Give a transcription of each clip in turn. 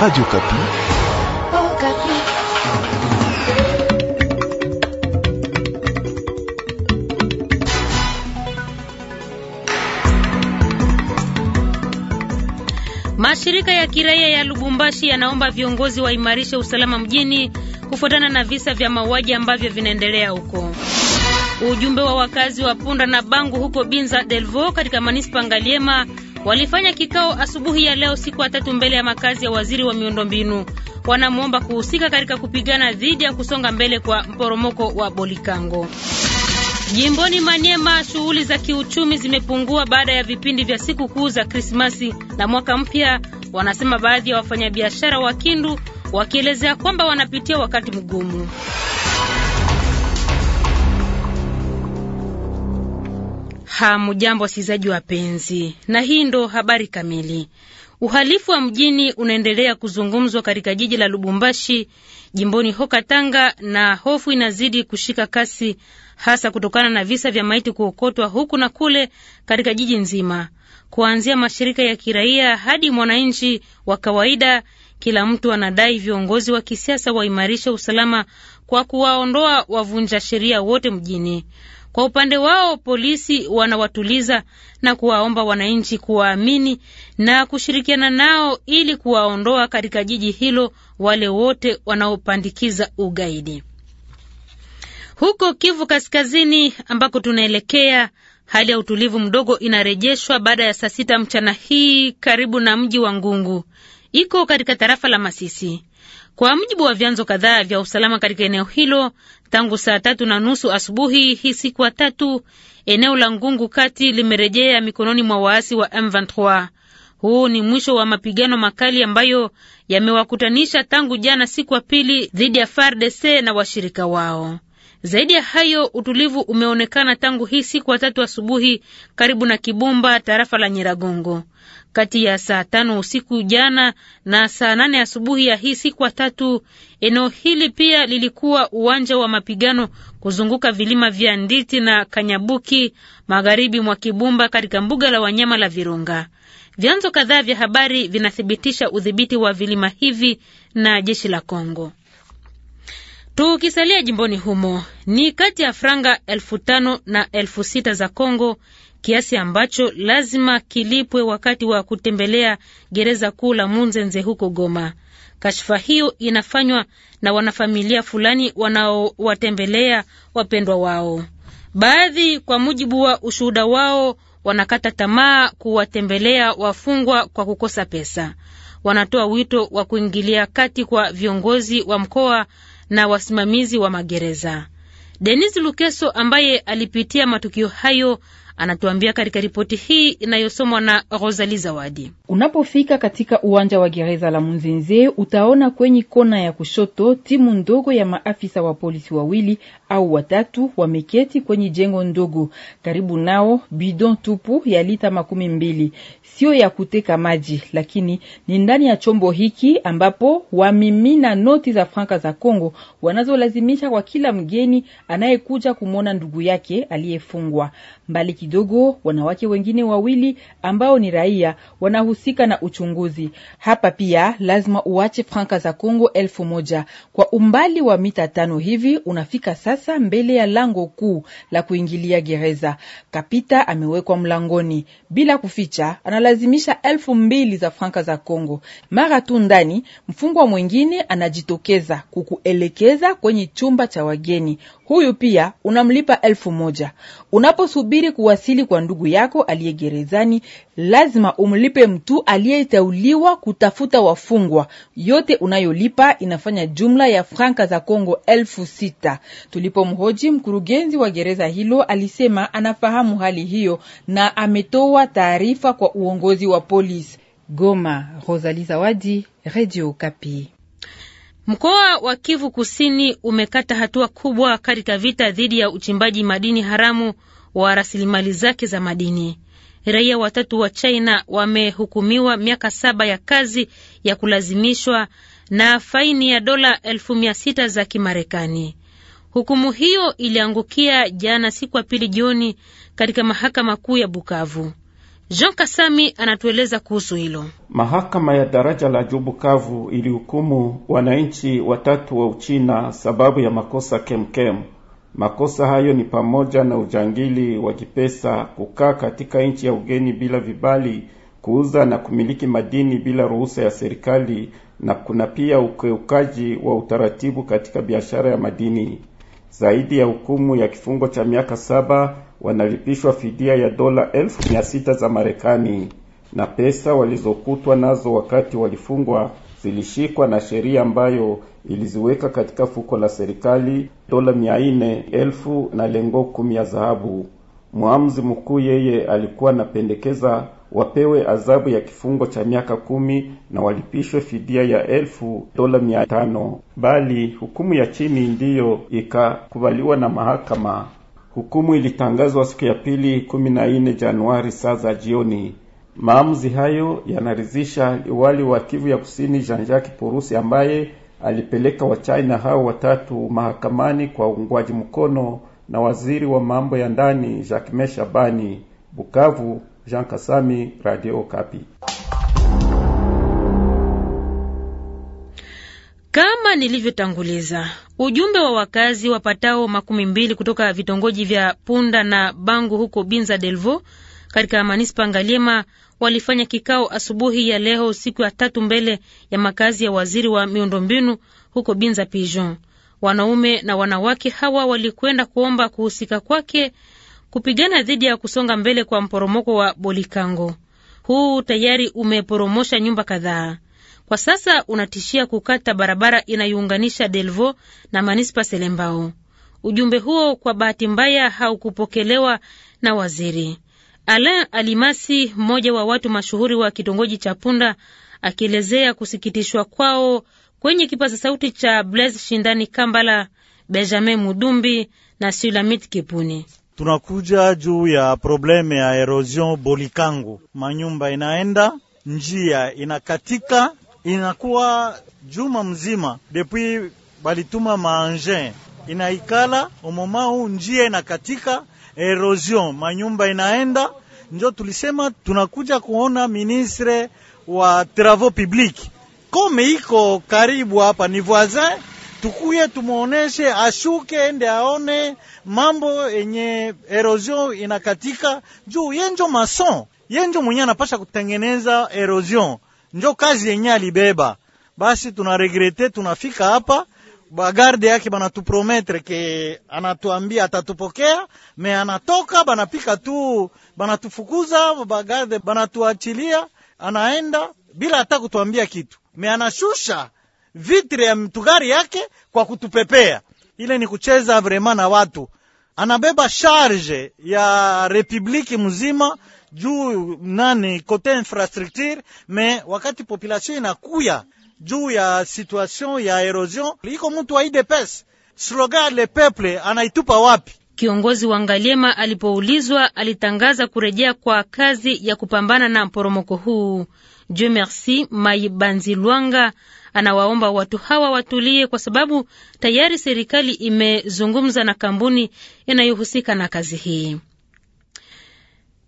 Radio Kapi. Oh, Kapi. Mashirika ya kiraia ya Lubumbashi yanaomba viongozi waimarishe usalama mjini kufuatana na visa vya mauaji ambavyo vinaendelea huko. Ujumbe wa wakazi wa Punda na Bangu huko Binza Delvo katika Manispa Ngaliema walifanya kikao asubuhi ya leo siku ya tatu mbele ya makazi ya waziri wa miundombinu. Wanamwomba kuhusika katika kupigana dhidi ya kusonga mbele kwa mporomoko wa Bolikango. Jimboni Manyema, shughuli za kiuchumi zimepungua baada ya vipindi vya sikukuu za Krismasi na mwaka mpya, wanasema baadhi ya wafanyabiashara wa Kindu wakielezea kwamba wanapitia wakati mgumu. Hamujambo wasikilizaji wapenzi, na hii ndo habari kamili. Uhalifu wa mjini unaendelea kuzungumzwa katika jiji la Lubumbashi jimboni Hokatanga, na hofu inazidi kushika kasi, hasa kutokana na visa vya maiti kuokotwa huku na kule katika jiji nzima, kuanzia mashirika ya kiraia hadi mwananchi wa kawaida. Kila mtu anadai viongozi wa kisiasa waimarishe usalama kwa kuwaondoa wavunja sheria wote mjini. Kwa upande wao polisi wanawatuliza na kuwaomba wananchi kuwaamini na kushirikiana nao ili kuwaondoa katika jiji hilo wale wote wanaopandikiza ugaidi. Huko Kivu Kaskazini ambako tunaelekea, hali ya utulivu mdogo inarejeshwa baada ya saa sita mchana hii karibu na mji wa Ngungu, iko katika tarafa la Masisi. Kwa mujibu wa vyanzo kadhaa vya usalama katika eneo hilo, tangu saa tatu na nusu asubuhi hii siku ya tatu, eneo la Ngungu kati limerejea mikononi mwa waasi wa M23. Huu ni mwisho wa mapigano makali ambayo yamewakutanisha tangu jana siku ya pili dhidi ya FARDC na washirika wao. Zaidi ya hayo, utulivu umeonekana tangu hii siku ya tatu asubuhi karibu na Kibumba, tarafa la Nyiragongo. Kati ya saa tano usiku jana na saa nane asubuhi ya hii siku ya tatu, eneo hili pia lilikuwa uwanja wa mapigano kuzunguka vilima vya Nditi na Kanyabuki, magharibi mwa Kibumba, katika mbuga la wanyama la Virunga. Vyanzo kadhaa vya habari vinathibitisha udhibiti wa vilima hivi na jeshi la Kongo. Tukisalia jimboni humo, ni kati ya franga elfu tano na elfu sita za Congo, kiasi ambacho lazima kilipwe wakati wa kutembelea gereza kuu la Munzenze huko Goma. Kashfa hiyo inafanywa na wanafamilia fulani wanaowatembelea wapendwa wao. Baadhi, kwa mujibu wa ushuhuda wao, wanakata tamaa kuwatembelea wafungwa kwa kukosa pesa. Wanatoa wito wa kuingilia kati kwa viongozi wa mkoa na wasimamizi wa magereza. Denis Lukeso ambaye alipitia matukio hayo anatuambia katika ripoti hii inayosomwa na Rosali Zawadi. Unapofika katika uwanja wa gereza la Munzenze utaona kwenye kona ya kushoto timu ndogo ya maafisa wa polisi wawili au watatu wameketi kwenye jengo ndogo. Karibu nao bidon tupu ya lita makumi mbili sio ya kuteka maji, lakini ni ndani ya chombo hiki ambapo wamimina noti za franka za Kongo wanazolazimisha kwa kila mgeni anayekuja kumwona ndugu yake aliyefungwa. Mbali kidogo, wanawake wengine wawili ambao ni raia wanahusika na uchunguzi hapa. Pia lazima uache franka za Kongo elfu moja kwa umbali wa mita tano hivi unafika sasa sasa mbele ya lango kuu la kuingilia gereza. Kapita amewekwa mlangoni bila kuficha, analazimisha elfu mbili za franka za congo Mara tu ndani, mfungwa mwingine anajitokeza kukuelekeza kwenye chumba cha wageni. Huyu pia unamlipa elfu moja. Unaposubiri kuwasili kwa ndugu yako aliye gerezani, lazima umlipe mtu aliyeteuliwa kutafuta wafungwa. Yote unayolipa inafanya jumla ya franka za Kongo elfu sita. Tulipomhoji mkurugenzi wa gereza hilo, alisema anafahamu hali hiyo na ametoa taarifa kwa uongozi wa polisi. Goma, Rosalie Zawadi, Radio Kapi. Mkoa wa Kivu Kusini umekata hatua kubwa katika vita dhidi ya uchimbaji madini haramu wa rasilimali zake za madini. Raia watatu wa China wamehukumiwa miaka saba ya kazi ya kulazimishwa na faini ya dola elfu mia sita za Kimarekani. Hukumu hiyo iliangukia jana siku ya pili jioni katika mahakama kuu ya Bukavu. Jean Kasami anatueleza kuhusu hilo. Mahakama ya daraja la juu Bukavu ilihukumu wananchi watatu wa Uchina sababu ya makosa kemkem. Makosa hayo ni pamoja na ujangili wa kipesa, kukaa katika nchi ya ugeni bila vibali, kuuza na kumiliki madini bila ruhusa ya serikali, na kuna pia ukiukaji wa utaratibu katika biashara ya madini zaidi ya hukumu ya kifungo cha miaka saba wanalipishwa fidia ya dola elfu mia sita za Marekani, na pesa walizokutwa nazo wakati walifungwa zilishikwa na sheria ambayo iliziweka katika fuko la serikali dola mia nne elfu na lengo kumi ya dhahabu. Mwamuzi mkuu yeye alikuwa anapendekeza wapewe adhabu ya kifungo cha miaka kumi na walipishwe fidia ya elfu dola mia tano bali hukumu ya chini ndiyo ikakubaliwa na mahakama. Hukumu ilitangazwa siku ya pili kumi na nne Januari saa za jioni. Maamuzi hayo yanaridhisha liwali wa Kivu ya Kusini jean porusi ambaye alipeleka Wachina hao watatu mahakamani kwa uungwaji mkono na waziri wa mambo ya ndani Jacques Meshabani Bukavu. Jean Kasami, Radio Kapi. Kama nilivyotanguliza, ujumbe wa wakazi wapatao makumi mbili kutoka vitongoji vya Punda na Bangu huko Binza Delvo katika manispa Ngaliema walifanya kikao asubuhi ya leo siku ya tatu mbele ya makazi ya waziri wa miundombinu huko Binza Pigeon. Wanaume na wanawake hawa walikwenda kuomba kuhusika kwake kupigana dhidi ya kusonga mbele kwa mporomoko wa Bolikango. Huu tayari umeporomosha nyumba kadhaa, kwa sasa unatishia kukata barabara inayounganisha Delvo na manispa Selembao. Ujumbe huo kwa bahati mbaya haukupokelewa na waziri Alain Alimasi, mmoja wa watu mashuhuri wa kitongoji cha Punda, akielezea kusikitishwa kwao kwenye kipaza sauti cha Blaise Shindani Kambala, Benjamin Mudumbi na Sulamit Kipuni tunakuja juu ya probleme ya erosion Bolikangu, manyumba inaenda, njia inakatika, inakuwa juma mzima depuis balituma maange inaikala omoma njia inakatika, erosion manyumba inaenda, njo tulisema tunakuja kuona ministre wa travaux public, kome iko karibu hapa, ni voisin tukuye tumuoneshe ashuke ende aone mambo yenye erosion inakatika, juu yenjo mason yenjo mwenye anapasha kutengeneza erosion, njo kazi yenye alibeba. Basi tunaregrete tunafika hapa bagarde yake banatuprometre ke anatuambia atatupokea, me anatoka banapika tu, banatufukuza bagarde, banatuachilia anaenda bila hata kutuambia kitu, me anashusha vitre ya mtugari yake kwa kutupepea. Ile ni kucheza vrema na watu, anabeba charge ya republiki mzima juu nani kote infrastructure me, wakati population inakuya juu ya situation ya erosion, iko mtu wa IDPS slogan le peuple anaitupa wapi? Kiongozi wa Ngaliema alipoulizwa alitangaza kurejea kwa kazi ya kupambana na mporomoko huu. Dieu Merci Maibanzi Lwanga anawaomba watu hawa watulie, kwa sababu tayari serikali imezungumza na kampuni inayohusika na kazi hii.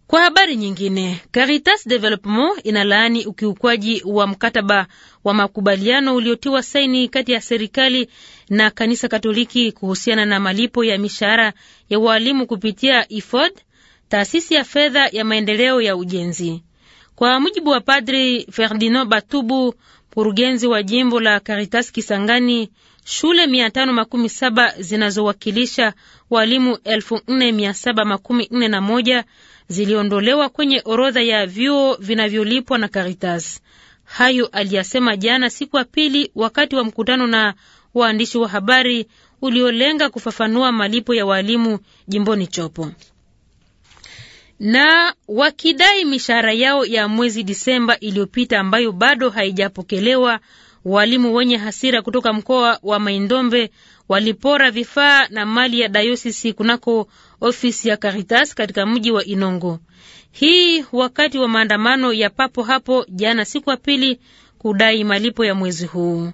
Kwa habari nyingine, Caritas Development inalaani ukiukwaji wa mkataba wa makubaliano uliotiwa saini kati ya serikali na kanisa Katoliki kuhusiana na malipo ya mishahara ya walimu kupitia IFOD, e taasisi ya fedha ya maendeleo ya ujenzi. Kwa mujibu wa Padri Ferdinand Batubu, mkurugenzi wa jimbo la Caritas Kisangani, shule 517 zinazowakilisha walimu 4741 ziliondolewa kwenye orodha ya vyuo vinavyolipwa na Caritas. Hayo aliyasema jana siku ya pili wakati wa mkutano na waandishi wa habari uliolenga kufafanua malipo ya walimu jimboni Chopo na wakidai mishahara yao ya mwezi Disemba iliyopita ambayo bado haijapokelewa. Walimu wenye hasira kutoka mkoa wa Maindombe walipora vifaa na mali ya dayosisi kunako ofisi ya Caritas katika mji wa Inongo. Hii wakati wa maandamano ya papo hapo jana siku ya pili kudai malipo ya mwezi huu.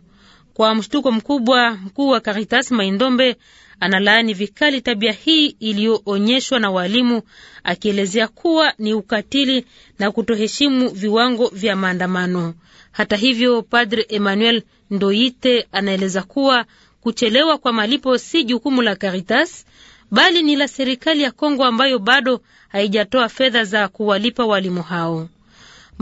Kwa mshtuko mkubwa, mkuu wa Caritas Maindombe analaani vikali tabia hii iliyoonyeshwa na walimu akielezea kuwa ni ukatili na kutoheshimu viwango vya maandamano. Hata hivyo, Padre Emmanuel Ndoite anaeleza kuwa kuchelewa kwa malipo si jukumu la Caritas bali ni la serikali ya Kongo ambayo bado haijatoa fedha za kuwalipa walimu hao.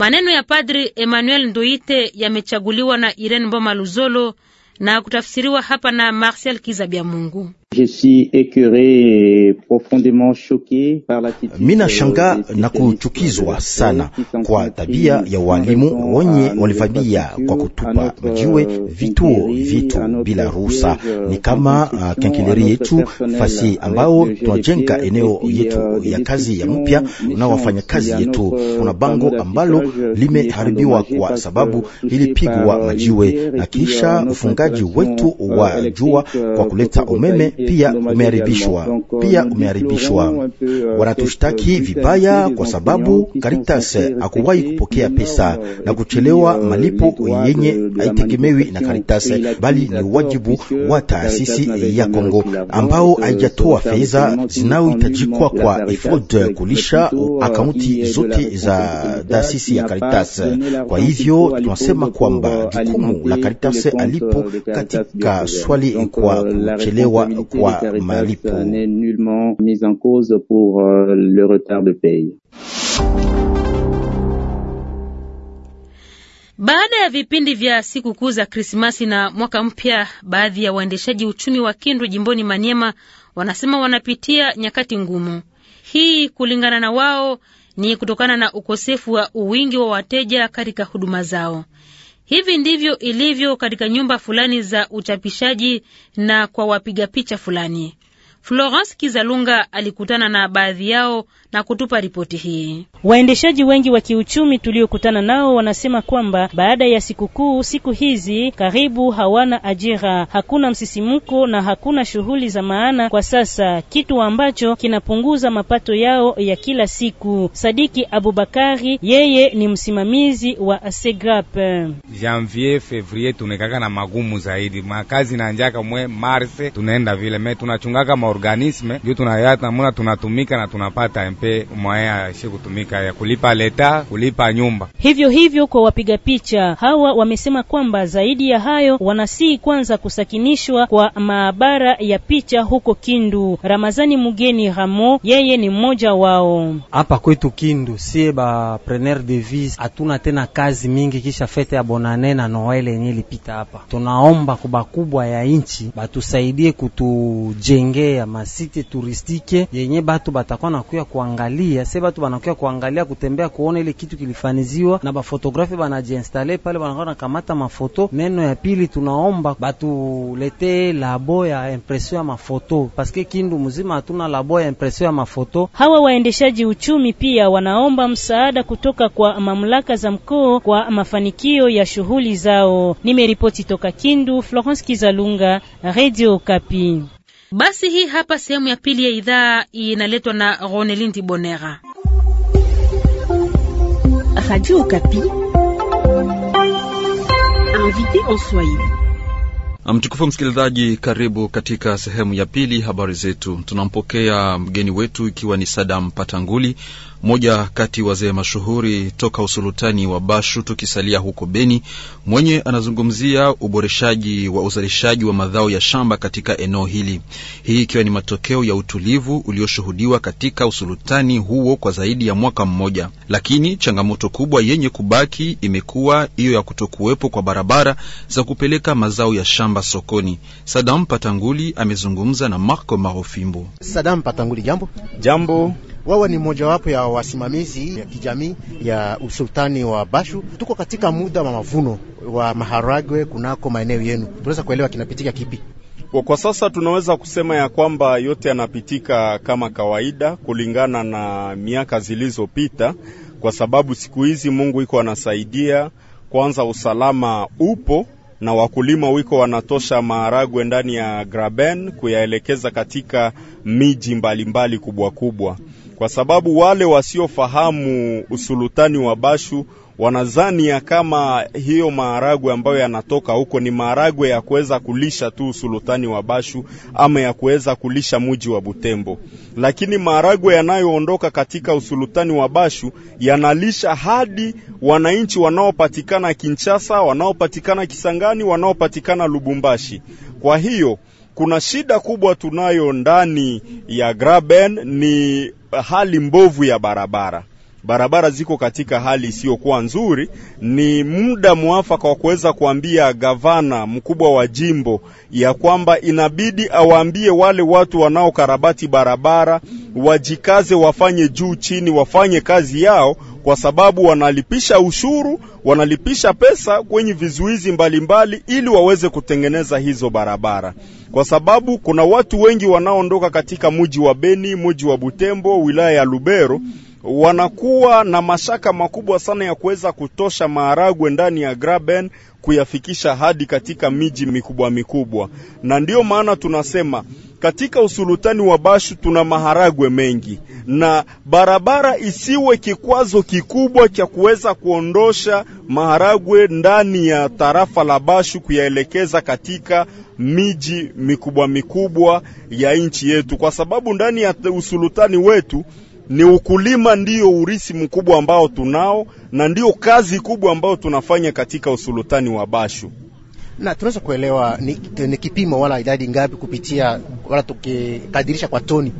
Maneno ya Padri Emmanuel Nduite yamechaguliwa na Irene Mboma Luzolo na kutafsiriwa hapa na Martial Kizabiamungu. Je suis et profondément choqué par Mina shanga na kuchukizwa sana kwa tabia ya walimu wenye walivabia kwa kutupa majiwe vituo vitu bila ruhusa. Ni kama kenkeleri ah, yetu fasi ambao tunajenga eneo yetu euh, ya kazi ya mpya na kazi yetu. Kuna bango ambalo limeharibiwa kwa sababu ilipigwa euh, majiwe, na kisha euh, ufungaji wetu wa jua kwa kuleta umeme pia umeharibishwa, pia umeharibishwa. Uh, Wanatushtaki vibaya kwa sababu Caritas hakuwahi kupokea pesa na kuchelewa malipo yenye haitegemewi na Caritas, bali ni wajibu wa taasisi ya Kongo ambao haijatoa fedha zinaohitajikwa kwa efod kulisha uh, akaunti zote za taasisi ya Caritas. Kwa hivyo tunasema kwamba jukumu la Caritas alipo katika swali kwa uh, kuchelewa quoi malipo n'est nullement mise en cause pour euh, le retard de paye. Baada ya vipindi vya siku kuu za Krismasi na mwaka mpya, baadhi ya waendeshaji uchumi wa Kindu jimboni Maniema wanasema wanapitia nyakati ngumu. Hii kulingana na wao ni kutokana na ukosefu wa uwingi wa wateja katika huduma zao. Hivi ndivyo ilivyo katika nyumba fulani za uchapishaji na kwa wapiga picha fulani. Florence Kizalunga alikutana na baadhi yao na kutupa ripoti hii. Waendeshaji wengi wa kiuchumi tuliokutana nao wanasema kwamba baada ya sikukuu, siku hizi karibu hawana ajira, hakuna msisimuko na hakuna shughuli za maana kwa sasa, kitu ambacho kinapunguza mapato yao ya kila siku. Sadiki Abubakari, yeye ni msimamizi wa Segrap. Janvier Fevrier tunekaka na magumu zaidi, makazi na njaka mwe Mars tunaenda vile me tunachungaka ma organisme ndio tunaya tunamuna tunatumika na tunapata mpe mwaya ashi kutumika ya kulipa leta kulipa nyumba. Hivyo hivyo kwa wapiga picha hawa wamesema kwamba zaidi ya hayo wanasii kwanza kusakinishwa kwa maabara ya picha huko Kindu. Ramazani Mugeni Ramo yeye ni mmoja wao. Hapa kwetu Kindu sie ba preneur de vie hatuna tena kazi mingi kisha fete ya bonane na Noel yenye ilipita hapa. Tunaomba kubakubwa ya inchi batusaidie kutujengea ya masite turistike yenye batu batakuwa nakuya kuangalia, se batu banakuya kuangalia kutembea kuona ile kitu kilifaniziwa na bafotografi banajiinstale pale, banakuwa nakamata mafoto. Neno ya pili, tunaomba batulete labo ya impression ya mafoto paske Kindu mzima hatuna labo ya impression ya mafoto. Hawa waendeshaji uchumi pia wanaomba msaada kutoka kwa mamlaka za mkoo kwa mafanikio ya shughuli zao. Nimeripoti toka Kindu, Florence Kizalunga, Radio Kapi. Basi hii hapa sehemu ya pili ya idhaa inaletwa na Ronelindi Bonera, Mtukufu msikilizaji, karibu katika sehemu ya pili habari zetu. Tunampokea mgeni wetu ikiwa ni Sadam Patanguli mmoja kati wazee mashuhuri toka usulutani wa Bashu. Tukisalia huko Beni, mwenye anazungumzia uboreshaji wa uzalishaji wa madhao ya shamba katika eneo hili, hii ikiwa ni matokeo ya utulivu ulioshuhudiwa katika usulutani huo kwa zaidi ya mwaka mmoja. Lakini changamoto kubwa yenye kubaki imekuwa hiyo ya kutokuwepo kwa barabara za kupeleka mazao ya shamba sokoni. Sadam Patanguli amezungumza na Marco Marofimbo. Sadam Patanguli, jambo jambo. Wawa ni mojawapo ya wasimamizi ya kijamii ya usultani wa Bashu. Tuko katika muda wa mavuno wa maharagwe kunako maeneo yenu, tunaweza kuelewa kinapitika kipi? Kwa sasa tunaweza kusema ya kwamba yote yanapitika kama kawaida kulingana na miaka zilizopita, kwa sababu siku hizi Mungu iko anasaidia. Kwanza usalama upo na wakulima wiko wanatosha maharagwe ndani ya Graben kuyaelekeza katika miji mbalimbali kubwa kubwa kwa sababu wale wasiofahamu usulutani wa Bashu wanazani ya kama hiyo maharagwe ambayo yanatoka huko ni maharagwe ya kuweza kulisha tu usulutani wa Bashu ama ya kuweza kulisha muji wa Butembo, lakini maharagwe yanayoondoka katika usulutani wa Bashu yanalisha hadi wananchi wanaopatikana Kinshasa, wanaopatikana Kisangani, wanaopatikana Lubumbashi. Kwa hiyo kuna shida kubwa tunayo ndani ya Graben ni hali mbovu ya barabara. Barabara ziko katika hali isiyokuwa nzuri. Ni muda mwafaka wa kuweza kuambia gavana mkubwa wa jimbo ya kwamba inabidi awaambie wale watu wanaokarabati barabara wajikaze, wafanye juu chini, wafanye kazi yao kwa sababu wanalipisha ushuru, wanalipisha pesa kwenye vizuizi mbalimbali mbali, ili waweze kutengeneza hizo barabara, kwa sababu kuna watu wengi wanaondoka katika muji wa Beni, muji wa Butembo, wilaya ya Lubero wanakuwa na mashaka makubwa sana ya kuweza kutosha maharagwe ndani ya Graben kuyafikisha hadi katika miji mikubwa mikubwa, na ndiyo maana tunasema katika usulutani wa Bashu tuna maharagwe mengi, na barabara isiwe kikwazo kikubwa cha kuweza kuondosha maharagwe ndani ya tarafa la Bashu kuyaelekeza katika miji mikubwa mikubwa ya nchi yetu, kwa sababu ndani ya usulutani wetu ni ukulima ndio urisi mkubwa ambao tunao na ndio kazi kubwa ambayo tunafanya katika usultani wa Bashu. Na tunaweza kuelewa ni, ni kipimo wala idadi ngapi kupitia wala tukikadirisha kwa toni?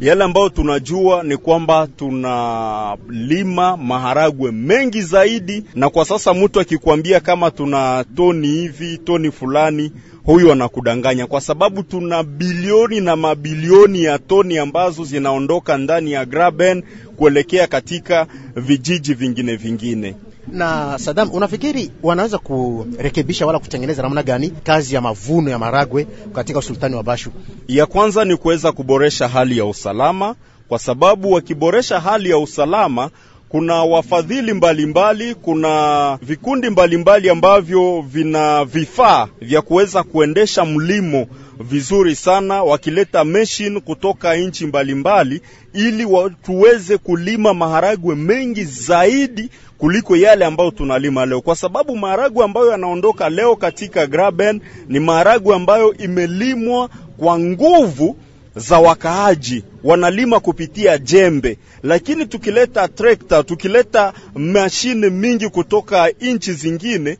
Yale ambayo tunajua ni kwamba tunalima maharagwe mengi zaidi, na kwa sasa mtu akikwambia kama tuna toni hivi toni fulani huyu anakudanganya, kwa sababu tuna bilioni na mabilioni ya toni ambazo zinaondoka ndani ya Graben kuelekea katika vijiji vingine vingine. Na Saddam, unafikiri wanaweza kurekebisha wala kutengeneza namna gani kazi ya mavuno ya maragwe katika usultani wa Bashu? Ya kwanza ni kuweza kuboresha hali ya usalama, kwa sababu wakiboresha hali ya usalama kuna wafadhili mbalimbali mbali, kuna vikundi mbalimbali mbali ambavyo vina vifaa vya kuweza kuendesha mlimo vizuri sana, wakileta machine kutoka nchi mbalimbali ili tuweze kulima maharagwe mengi zaidi kuliko yale ambayo tunalima leo, kwa sababu maharagwe ambayo yanaondoka leo katika Graben ni maharagwe ambayo imelimwa kwa nguvu za wakaaji wanalima kupitia jembe, lakini tukileta trekta, tukileta mashine mingi kutoka nchi zingine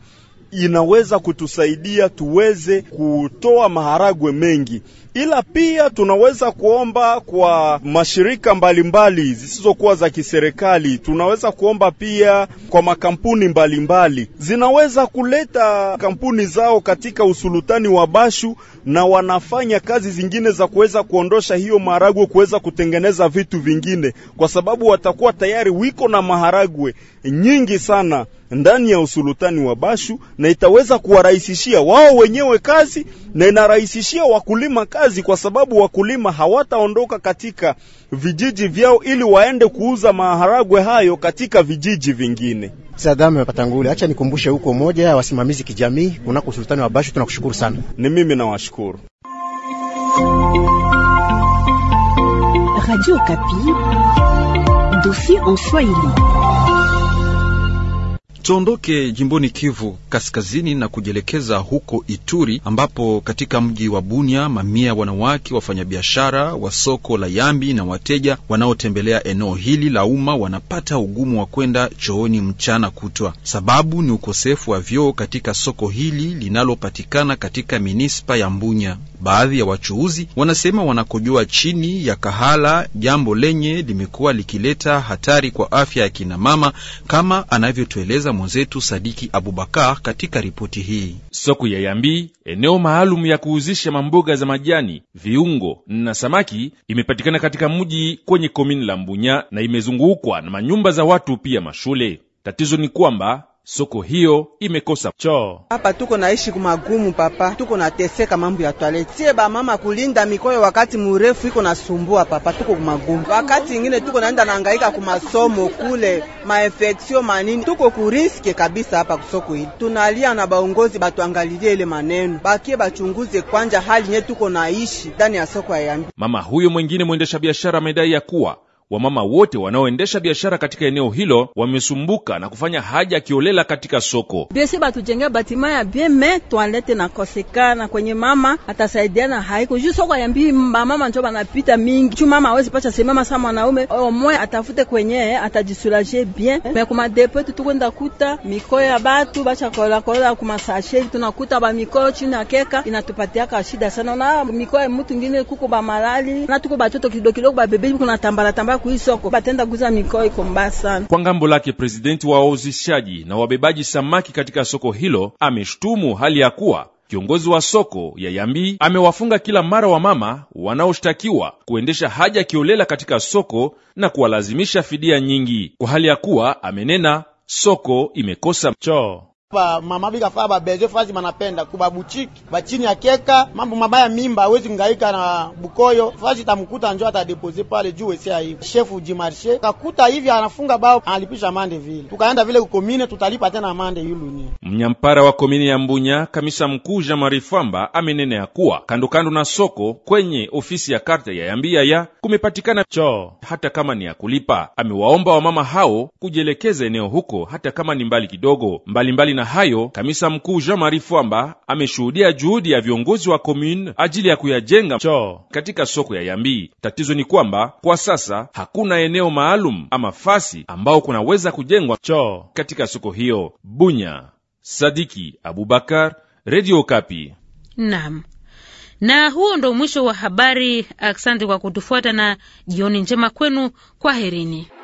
inaweza kutusaidia tuweze kutoa maharagwe mengi, ila pia tunaweza kuomba kwa mashirika mbalimbali zisizokuwa za kiserikali. Tunaweza kuomba pia kwa makampuni mbalimbali mbali. Zinaweza kuleta kampuni zao katika usulutani wa Bashu na wanafanya kazi zingine za kuweza kuondosha hiyo maharagwe, kuweza kutengeneza vitu vingine, kwa sababu watakuwa tayari wiko na maharagwe nyingi sana ndani ya usulutani wa Bashu, na itaweza kuwarahisishia wao wenyewe kazi na inarahisishia wakulima kazi, kwa sababu wakulima hawataondoka katika vijiji vyao ili waende kuuza maharagwe hayo katika vijiji vingine. Sadame Patanguli, acha nikumbushe huko moja ya wasimamizi kijamii kunako usulutani wa Bashu. Tunakushukuru sana. Ni mimi nawashukuru. Radio Kapi, dossier en Swahili. Tuondoke jimboni Kivu Kaskazini na kujielekeza huko Ituri, ambapo katika mji wa Bunia mamia wanawake wafanyabiashara wa soko la Yambi na wateja wanaotembelea eneo hili la umma wanapata ugumu wa kwenda chooni mchana kutwa. Sababu ni ukosefu wa vyoo katika soko hili linalopatikana katika minispa ya Mbunya. Baadhi ya wachuuzi wanasema wanakojoa chini ya kahala, jambo lenye limekuwa likileta hatari kwa afya ya kinamama, kama anavyotueleza anaeleza mwenzetu Sadiki Abubakar katika ripoti hii. Soko ya Yambi, eneo maalum ya kuuzisha mamboga za majani, viungo na samaki, imepatikana katika mji kwenye komini la Mbunya na imezungukwa na manyumba za watu pia mashule. Tatizo ni kwamba soko hiyo imekosa choo. Hapa tuko naishi kumagumu papa, tuko nateseka mambo ya toilette. Sie ba mama kulinda mikoyo wakati murefu iko nasumbua papa, tuko kumagumu. Wakati ingine tuko naenda naangaika kumasomo kule mainfeksio manini, tuko kuriske kabisa hapa kusoko hili. Tunalia na baongozi batuangalilie ile maneno, bakie bachunguze kwanja hali nye tuko naishi ndani ya soko ya Yambi. Mama huyo mwingine mwendesha biashara amedai ya kuwa wamama wote wanaoendesha biashara katika eneo hilo wamesumbuka na kufanya haja kiolela katika soko. Besi batujenge batima ya bieme me na kosekana kwenye mama atasaidiana haiko juu soko ya yambii bamama njo banapita mingi juu mama awezi pacha simama sa mwanaume omwe atafute kwenye atajisulaje bien me kuma etu tukwenda kuta mikoyo ya batu bacha kuma kumasashe tunakuta ba mikoyo chini ya keka inatupatiaka shida sana na mikoyo ya mutu ingine kuko ba malali na tuko batoto kidogo kidogo ba bebe kuna tambala tambala kuisoko batenda kuza mikoa iko mbaya sana. Kwa ngambo lake, prezidenti wa wauzishaji na wabebaji samaki katika soko hilo ameshtumu hali ya kuwa kiongozi wa soko ya Yambi amewafunga kila mara wa mama wanaoshtakiwa kuendesha haja kiolela katika soko na kuwalazimisha fidia nyingi, kwa hali ya kuwa amenena soko imekosa choo. Ba mama bika fa ba beze fazi manapenda kubabuchiki chini ya keka mambo mabaya mimba hawezi ngaika na bukoyo fazi tamkuta njo atadepoze pale juu wesia hivi du marché kakuta hivi anafunga bao analipisha mande vile tukaenda vile kukomine tutalipa tena mande yulu ni Mnyampara wa komini ya Mbunya kamisa mkuu Jean Marie Famba amenene ya kuwa kando kando na soko kwenye ofisi ya karta ya Yambia ya kumepatikana choo hata kama ni ya kulipa. Amewaomba wamama hao kujielekeza eneo huko hata kama ni mbali kidogo mbali mbali na hayo, kamisa mkuu Jean-Marie Fwamba ameshuhudia juhudi ya viongozi wa komune ajili ya kuyajenga choo katika soko ya Yambi. Tatizo ni kwamba kwa sasa hakuna eneo maalum ama fasi ambao kunaweza kujengwa choo katika soko hiyo. Bunya, Sadiki Abubakar, Radio Kapi. Naam. Na huo ndo mwisho wa habari. Asante kwa kutufuata na jioni njema kwenu, kwaherini.